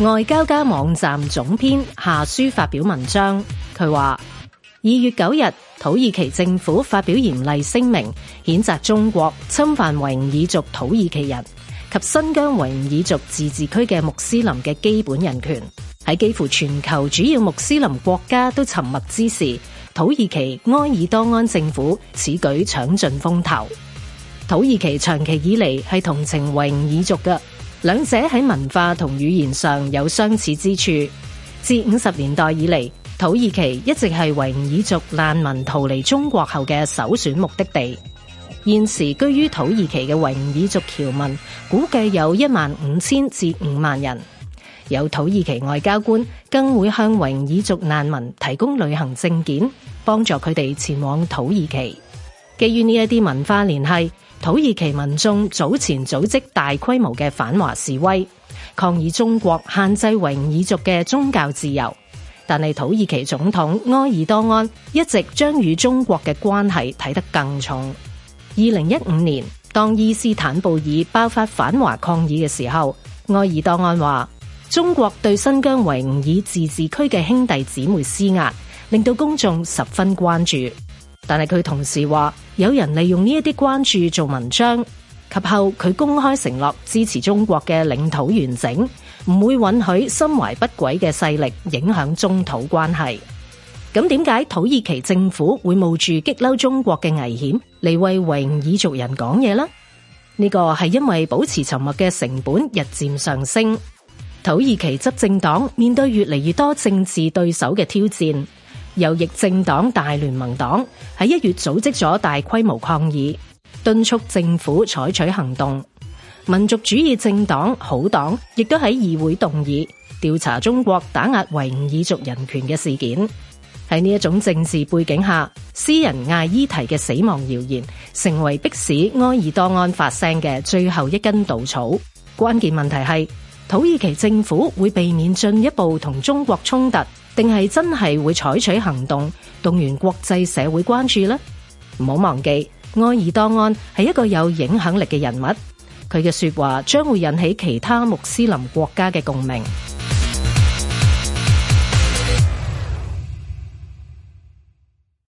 外交家網站總編夏舒發表文章，佢話：二月九日，土耳其政府發表嚴厲聲明，譴責中國侵犯維吾爾族土耳其人及新疆維吾爾族自治區嘅穆斯林嘅基本人權。喺幾乎全球主要穆斯林國家都沉默之時，土耳其埃爾多安政府此舉搶盡風頭。土耳其長期以嚟係同情維吾爾族嘅。兩者喺文化同語言上有相似之處。自五十年代以嚟，土耳其一直係維吾爾族難民逃離中國後嘅首選目的地。現時居於土耳其嘅維吾爾族僑民估計有一萬五千至五萬人。有土耳其外交官更會向維吾爾族難民提供旅行證件，幫助佢哋前往土耳其。基於呢一啲文化聯繫，土耳其民眾早前組織大規模嘅反華示威，抗議中國限制維吾爾族嘅宗教自由。但係土耳其總統埃爾多安一直將與中國嘅關係睇得更重。二零一五年，當伊斯坦布爾爆發反華抗議嘅時候，埃爾多安話：中國對新疆維吾爾自治區嘅兄弟姊妹施壓，令到公眾十分關注。但係佢同時話，有人利用呢一啲關注做文章。及後佢公開承諾支持中國嘅領土完整，唔會允許心懷不軌嘅勢力影響中土關係。咁點解土耳其政府會冒住激嬲中國嘅危險嚟為維吾爾族人講嘢呢？呢個係因為保持沉默嘅成本日漸上升。土耳其執政黨面對越嚟越多政治對手嘅挑戰。右翼政黨大聯盟黨喺定係真係會採取行動，動員國際社會關注呢？唔好忘記，埃爾多安係一個有影響力嘅人物，佢嘅說話將會引起其他穆斯林國家嘅共鳴。